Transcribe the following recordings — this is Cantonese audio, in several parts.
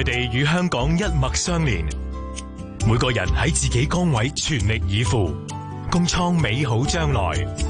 佢哋與香港一脈相連，每個人喺自己崗位全力以赴，共創美好將來。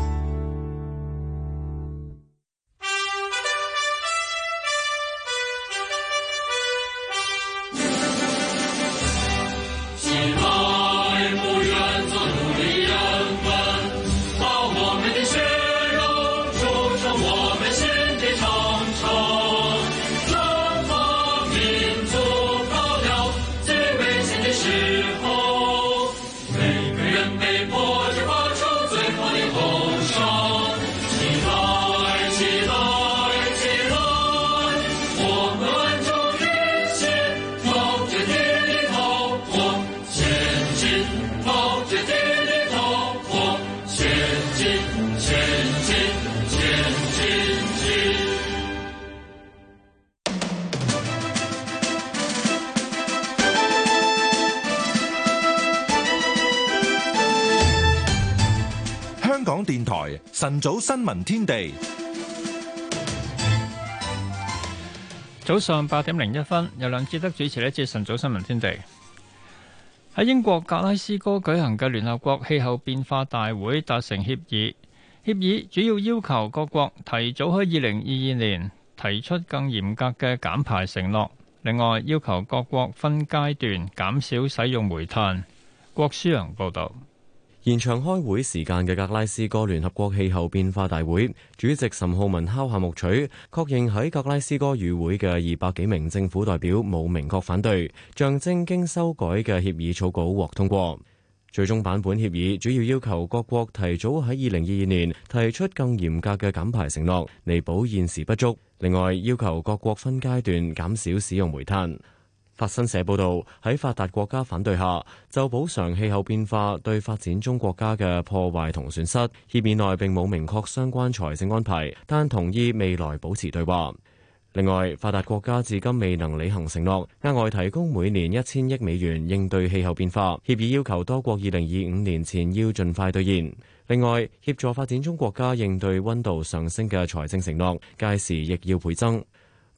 香港電台晨早新聞天地，早上八點零一分，由梁志德主持呢一節晨早新聞天地。喺英國格拉斯哥舉行嘅聯合國氣候變化大會達成協議，協議主要要求各國提早喺二零二二年提出更嚴格嘅減排承諾，另外要求各國分階段減少使用煤炭。郭書陽報道。延長開會時間嘅格拉斯哥聯合國氣候變化大會主席岑浩文敲下木槌，確認喺格拉斯哥與會嘅二百幾名政府代表冇明確反對，象徵經修改嘅協議草稿獲通過。最終版本協議主要要求各國提早喺二零二二年提出更嚴格嘅減排承諾，彌補現時不足。另外，要求各國分階段減少使用煤炭。法新社報道，喺發達國家反對下，就補償氣候變化對發展中國家嘅破壞同損失，協議內並冇明確相關財政安排，但同意未來保持對話。另外，發達國家至今未能履行承諾，額外提供每年一千億美元應對氣候變化。協議要求多國二零二五年前要盡快兌現。另外，協助發展中國家應對溫度上升嘅財政承諾，屆時亦要倍增。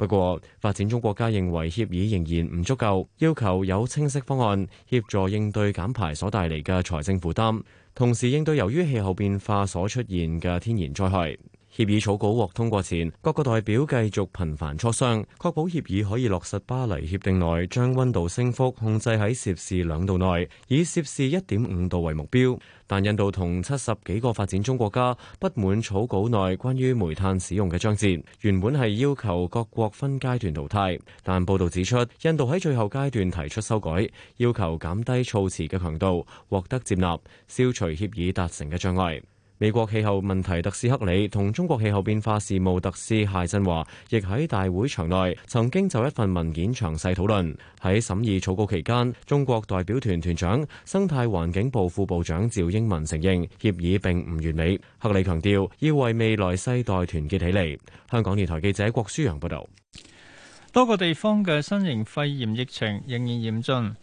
不過，發展中國家認為協議仍然唔足夠，要求有清晰方案協助應對減排所帶嚟嘅財政負擔，同時應對由於氣候變化所出現嘅天然災害。協議草稿獲通過前，各個代表繼續頻繁磋商，確保協議可以落實巴黎協定內將溫度升幅控制喺攝氏兩度內，以攝氏一點五度為目標。但印度同七十幾個發展中國家不滿草稿內關於煤炭使用嘅章節，原本係要求各國分階段淘汰，但報道指出，印度喺最後階段提出修改，要求減低措辭嘅強度，獲得接納，消除協議達成嘅障礙。美國氣候問題特使克里同中國氣候變化事務特使謝振華，亦喺大會場內曾經就一份文件詳細討論。喺審議草稿期間，中國代表團團長、生態環境部副部長趙英民承認協議並唔完美。克里強調要為未來世代團結起嚟。香港電台記者郭舒揚報道。多個地方嘅新型肺炎疫情仍然嚴峻。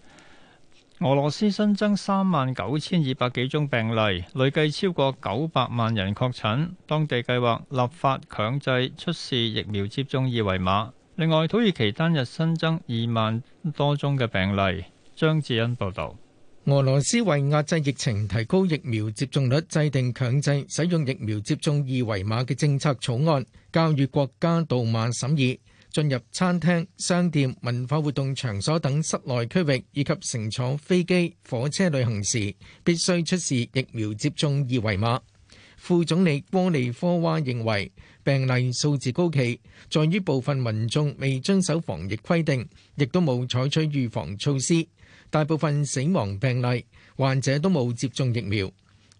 俄羅斯新增三萬九千二百幾宗病例，累計超過九百萬人確診。當地計劃立法強制出示疫苗接種二維碼。另外，土耳其單日新增二萬多宗嘅病例。張志恩報道。俄羅斯為壓制疫情，提高疫苗接種率，制定強制使用疫苗接種二維碼嘅政策草案，交予國家杜馬審議。進入餐廳、商店、文化活動場所等室內區域，以及乘坐飛機、火車旅行時，必須出示疫苗接種二維碼。副總理波利科娃認為病例數字高企，在於部分民眾未遵守防疫規定，亦都冇採取預防措施。大部分死亡病例患者都冇接種疫苗。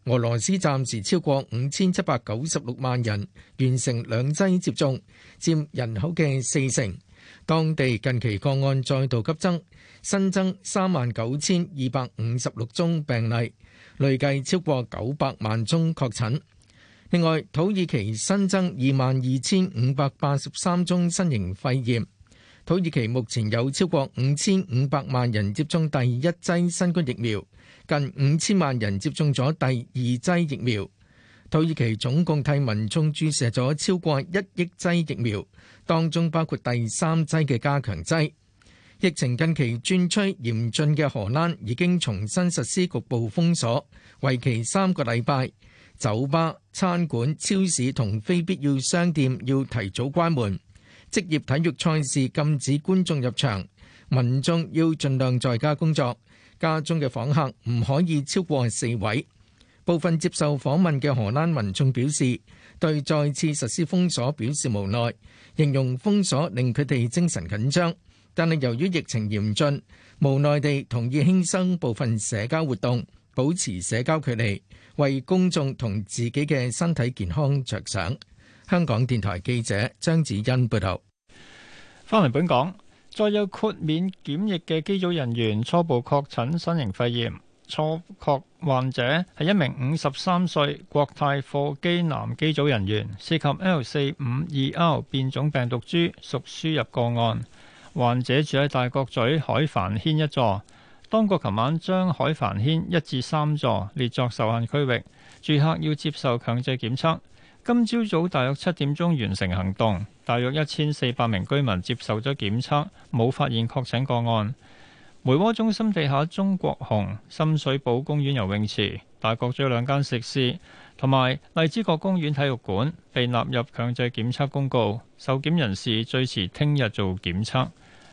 俄羅斯暫時超過五千七百九十六萬人完成兩劑接種，佔人口嘅四成。當地近期個案再度急增，新增三萬九千二百五十六宗病例，累計超過九百萬宗確診。另外，土耳其新增二萬二千五百八十三宗新型肺炎。土耳其目前有超過五千五百萬人接種第一劑新冠疫苗。近五千萬人接種咗第二劑疫苗，土耳其總共替民眾注射咗超過一億劑疫苗，當中包括第三劑嘅加強劑。疫情近期轉趨嚴峻嘅荷蘭已經重新實施局部封鎖，為期三個禮拜。酒吧、餐館、超市同非必要商店要提早關門，職業體育賽事禁止觀眾入場，民眾要盡量在家工作。家中嘅訪客唔可以超過四位。部分接受訪問嘅荷蘭民眾表示，對再次實施封鎖表示無奈，形容封鎖令佢哋精神緊張。但係由於疫情嚴峻，無奈地同意犧牲部分社交活動，保持社交距離，為公眾同自己嘅身體健康著想。香港電台記者張子欣報道。翻嚟本港。再有豁免檢疫嘅機組人員初步確診新型肺炎，初確患者係一名五十三歲國泰貨機男機組人員，涉及 L 四五二 R 變種病毒株，屬輸入個案。患者住喺大角咀海帆軒一座，當局琴晚將海帆軒一至三座列作受限區域，住客要接受強制檢測。今朝早，早大約七點鐘完成行動。大約一千四百名居民接受咗檢測，冇發現確診個案。梅窩中心地下中國紅、深水埗公園游泳池、大角咀兩間食肆同埋荔枝角公園體育館被納入強制檢測公告，受檢人士最遲聽日做檢測。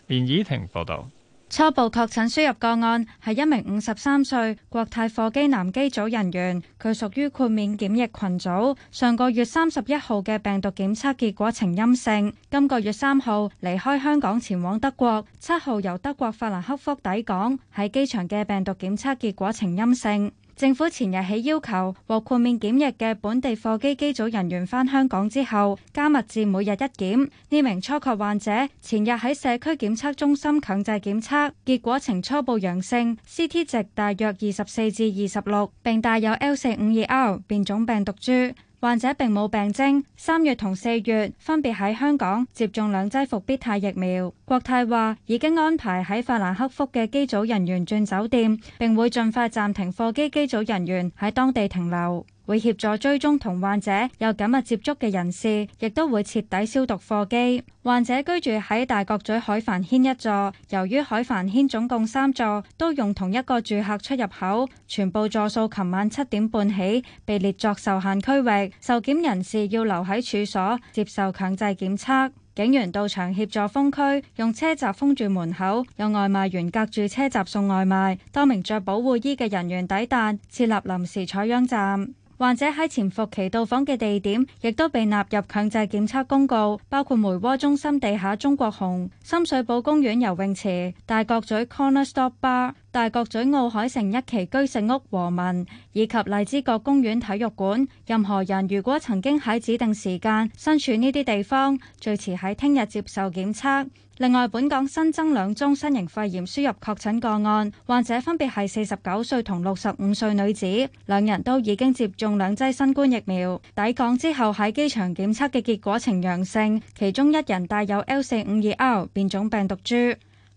連以婷報道。初步確診輸入個案係一名五十三歲國泰貨機南機組人員，佢屬於豁免檢疫群組，上個月三十一號嘅病毒檢測結果呈陰性，今個月三號離開香港前往德國，七號由德國法蘭克福抵港，喺機場嘅病毒檢測結果呈陰性。政府前日起要求獲豁免檢疫嘅本地貨機機組人員返香港之後，加密至每日一檢。呢名初確患者前日喺社區檢測中心強制檢測，結果呈初步陽性，CT 值大約二十四至二十六，並帶有 L 四五二 R 變種病毒株。患者並冇病徵，三月同四月分別喺香港接種兩劑復必泰疫苗。國泰話已經安排喺法蘭克福嘅機組人員轉酒店，並會盡快暫停貨機機組人員喺當地停留。會協助追蹤同患者有緊密接觸嘅人士，亦都會徹底消毒貨機。患者居住喺大角咀海帆軒一座，由於海帆軒總共三座都用同一個住客出入口，全部座數，琴晚七點半起被列作受限區域。受檢人士要留喺處所接受強制檢測。警員到場協助封區，用車閘封住門口，有外賣員隔住車閘送外賣，多名着保護衣嘅人員抵達，設立臨時採樣站。患者喺潛伏期到訪嘅地點，亦都被納入強制檢測公告，包括梅窩中心地下中國紅、深水埗公園游泳池、大角咀 Corner Stop Bar、大角咀奧海城一期居食屋和民，以及荔枝角公園體育館。任何人如果曾經喺指定時間身處呢啲地方，最遲喺聽日接受檢測。另外，本港新增兩宗新型肺炎輸入確診個案，患者分別係四十九歲同六十五歲女子，兩人都已經接種兩劑新冠疫苗。抵港之後喺機場檢測嘅結果呈陽性，其中一人帶有 L 四五二 R 變種病毒株。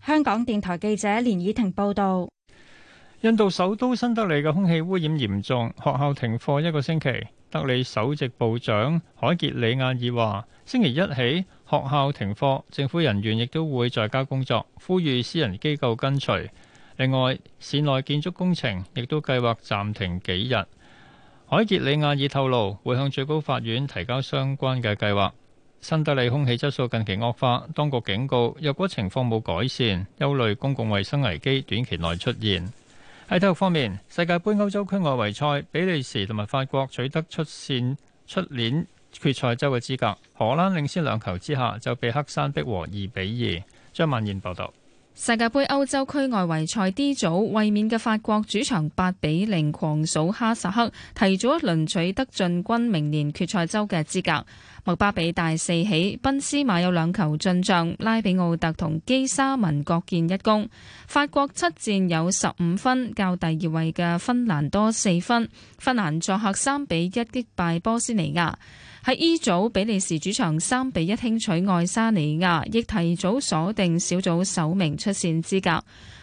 香港電台記者連以婷報道。印度首都新德里嘅空氣污染嚴重，學校停課一個星期。德里首席部長海傑里亞爾話：星期一起。學校停課，政府人員亦都會在家工作，呼籲私人機構跟隨。另外，市內建築工程亦都計劃暫停幾日。海傑里亞爾透露會向最高法院提交相關嘅計劃。新德里空氣質素近期惡化，當局警告，若果情況冇改善，憂慮公共衛生危機短期內出現。喺體育方面，世界盃歐洲區外圍賽，比利時同埋法國取得出線出年。決賽周嘅資格，荷蘭領先兩球之下就被黑山逼和二比二。張曼燕報道。世界杯歐洲區外圍賽 D 組衛冕嘅法國主場八比零狂掃哈薩克，提早一輪取得進軍明年決賽周嘅資格。莫巴比大四起，賓斯馬有兩球進賬，拉比奧特同基沙文各建一功。法國七戰有十五分，較第二位嘅芬蘭多四分。芬蘭作客三比一擊敗波斯尼亞。喺 E 組，比利時主場三比一輕取愛沙尼亞，亦提早鎖定小組首名出線資格。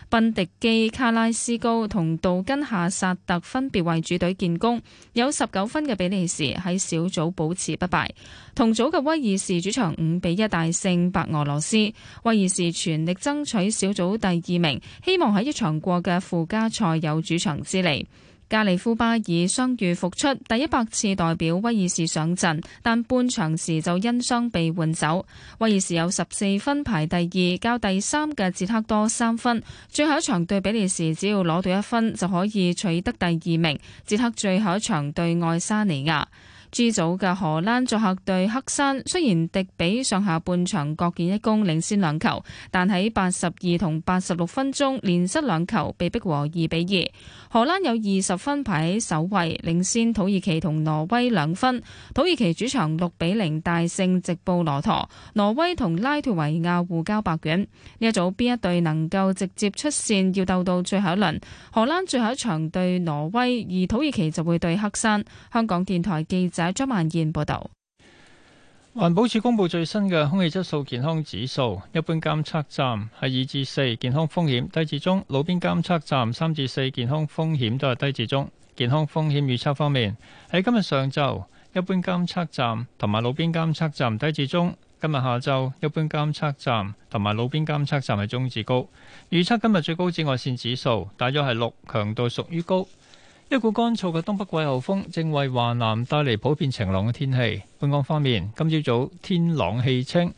賓迪基、卡拉斯高同杜根夏薩特分別為主隊建功，有十九分嘅比利時喺小組保持不敗。同組嘅威爾士主場五比一大勝白俄羅斯，威爾士全力爭取小組第二名，希望喺一場過嘅附加賽有主場之利。加利夫巴爾傷愈復出，第一百次代表威爾士上陣，但半場時就因傷被換走。威爾士有十四分排第二，較第三嘅捷克多三分。最後一場對比利時，只要攞到一分就可以取得第二名。捷克最後一場對愛沙尼亞。G 組嘅荷蘭作客對黑山，雖然迪比上下半場各建一功領先兩球，但喺八十二同八十六分鐘連失兩球，被逼和二比二。荷蘭有二十分排喺首位，領先土耳其同挪威兩分。土耳其主場六比零大勝直布羅陀，挪威同拉脫維亞互交白卷。呢一組邊一隊能夠直接出線，要鬥到最後一輪。荷蘭最後一場對挪威，而土耳其就會對黑山。香港電台記者。張曼燕報道，環保署公布最新嘅空氣質素健康指數，一般監測站係二至四，健康風險低至中；路邊監測站三至四，健康風險都係低至中。健康風險預測方面，喺今日上晝，一般監測站同埋路邊監測站低至中；今日下晝，一般監測站同埋路邊監測站係中至高。預測今日最高紫外線指數大約係六，強度屬於高。一股乾燥嘅東北季候風正為華南帶嚟普遍晴朗嘅天氣。本港方面，今朝早天朗氣清，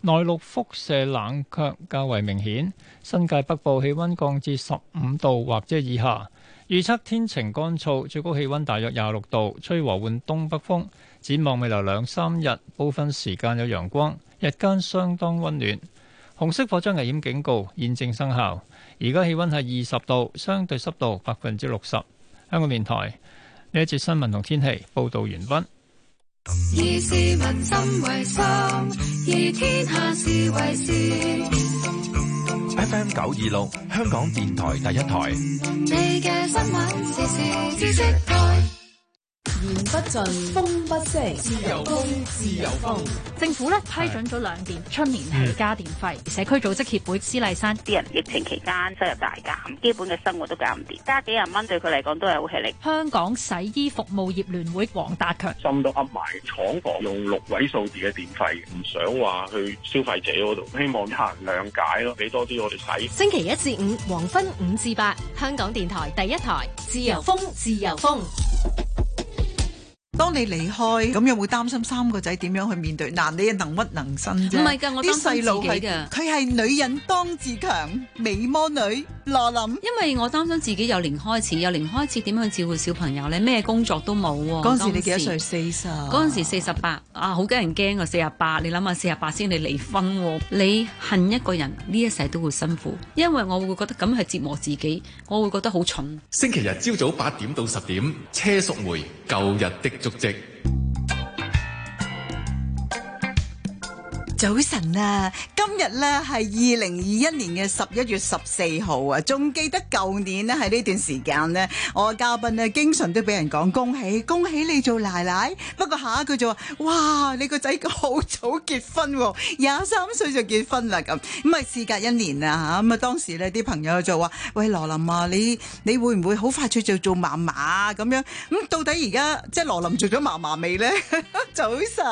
內陸輻射冷卻較為明顯，新界北部氣温降至十五度或者以下。預測天晴乾燥，最高氣温大約廿六度，吹和緩東北風。展望未來兩三日，部分時間有陽光，日間相當温暖。紅色火災危險警告現正生效。而家氣温係二十度，相對濕度百分之六十。香港電台呢一節新聞同天氣報道完畢。以市民心為心，以天下事為事。FM 九二六，香港電台第一台。 不盡風不息，自由風，自由風。由風政府咧，是批准咗兩電，出年起加電費。嗯、社區組織協會施麗珊啲人疫情期間收入大減，基本嘅生活都揀唔掂，加幾廿蚊對佢嚟講都係好吃力。香港洗衣服務業聯會黃達強：想噏埋廠房用六位數字嘅電費，唔想話去消費者嗰度，希望得人諒解咯，俾多啲我哋使。星期一至五黃昏五至八，香港電台第一台，自由風，自由風。當你離開，咁又會擔心三個仔點樣去面對？嗱、啊，你又能屈能伸唔係噶，我哋啲細路噶。佢係女人當自強，美魔女羅琳，因為我擔心自己又年開始，又年開始點樣照顧小朋友，你咩工作都冇。嗰陣時你幾多歲？四十。嗰陣時四十八，啊，好驚人驚啊！四十八，你諗下，四十八先你離婚。你恨一個人，呢一世都會辛苦，因為我會覺得咁係折磨自己，我會覺得好蠢。星期日朝早八點到十點，車淑梅，舊日的足跡。早晨啊！今日咧係二零二一年嘅十一月十四號啊，仲記得舊年咧喺呢段時間咧，我嘅嘉賓咧經常都俾人講恭喜恭喜你做奶奶。不過下一句就話哇你個仔好早結婚，廿三歲就結婚啦咁。咁啊事隔一年啊吓咁啊當時咧啲朋友就話喂羅琳啊你你會唔會好快脆就做嫲嫲咁樣？咁到底而家即係羅琳做咗嫲嫲未咧？早晨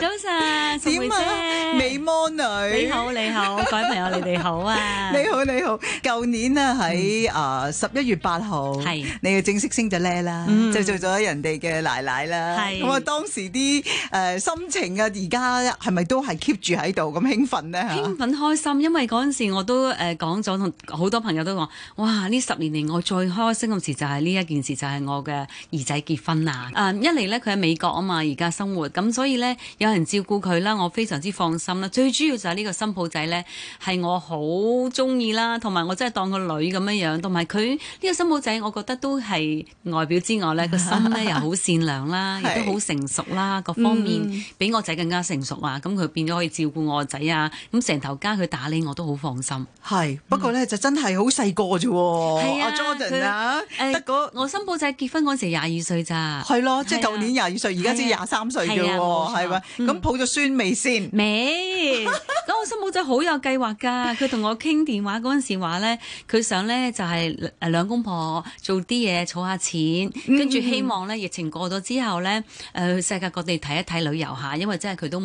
早晨點啊？美魔女，你好你好，各位朋友你哋好啊！你好你好，舊年咧喺啊十一月八號係你嘅正式升咗級啦，就做咗人哋嘅奶奶啦。係咁啊，當時啲誒心情啊，而家係咪都係 keep 住喺度咁興奮咧？興奮開心，因為嗰陣時我都誒講咗，同好多朋友都講，哇！呢十年嚟我最開心嘅事就係呢一件事，就係我嘅兒仔結婚啦。啊，一嚟咧佢喺美國啊嘛，而家生活咁，所以咧有人照顧佢啦，我非常之放心。心啦，最主要就係呢個新抱仔咧，係我好中意啦，同埋我真係當個女咁樣樣，同埋佢呢個新抱仔，我覺得都係外表之外咧，個心咧又好善良啦，亦都好成熟啦，各方面比我仔更加成熟啊！咁佢變咗可以照顧我仔啊，咁成頭家佢打理我都好放心。係不過咧，就真係好細個啫喎，阿 Jordan 啊，得個我新抱仔結婚嗰時廿二歲咋，係咯，即係舊年廿二歲，而家先廿三歲咋喎，係嘛？咁抱咗孫未先？未。咁、 哎、我新抱仔好有計劃噶，佢同我傾電話陣時話咧，佢想咧就係誒兩公婆做啲嘢，儲下錢，跟住希望咧疫情過咗之後咧，誒、呃、去世界各地睇一睇旅遊下，因為真係佢都。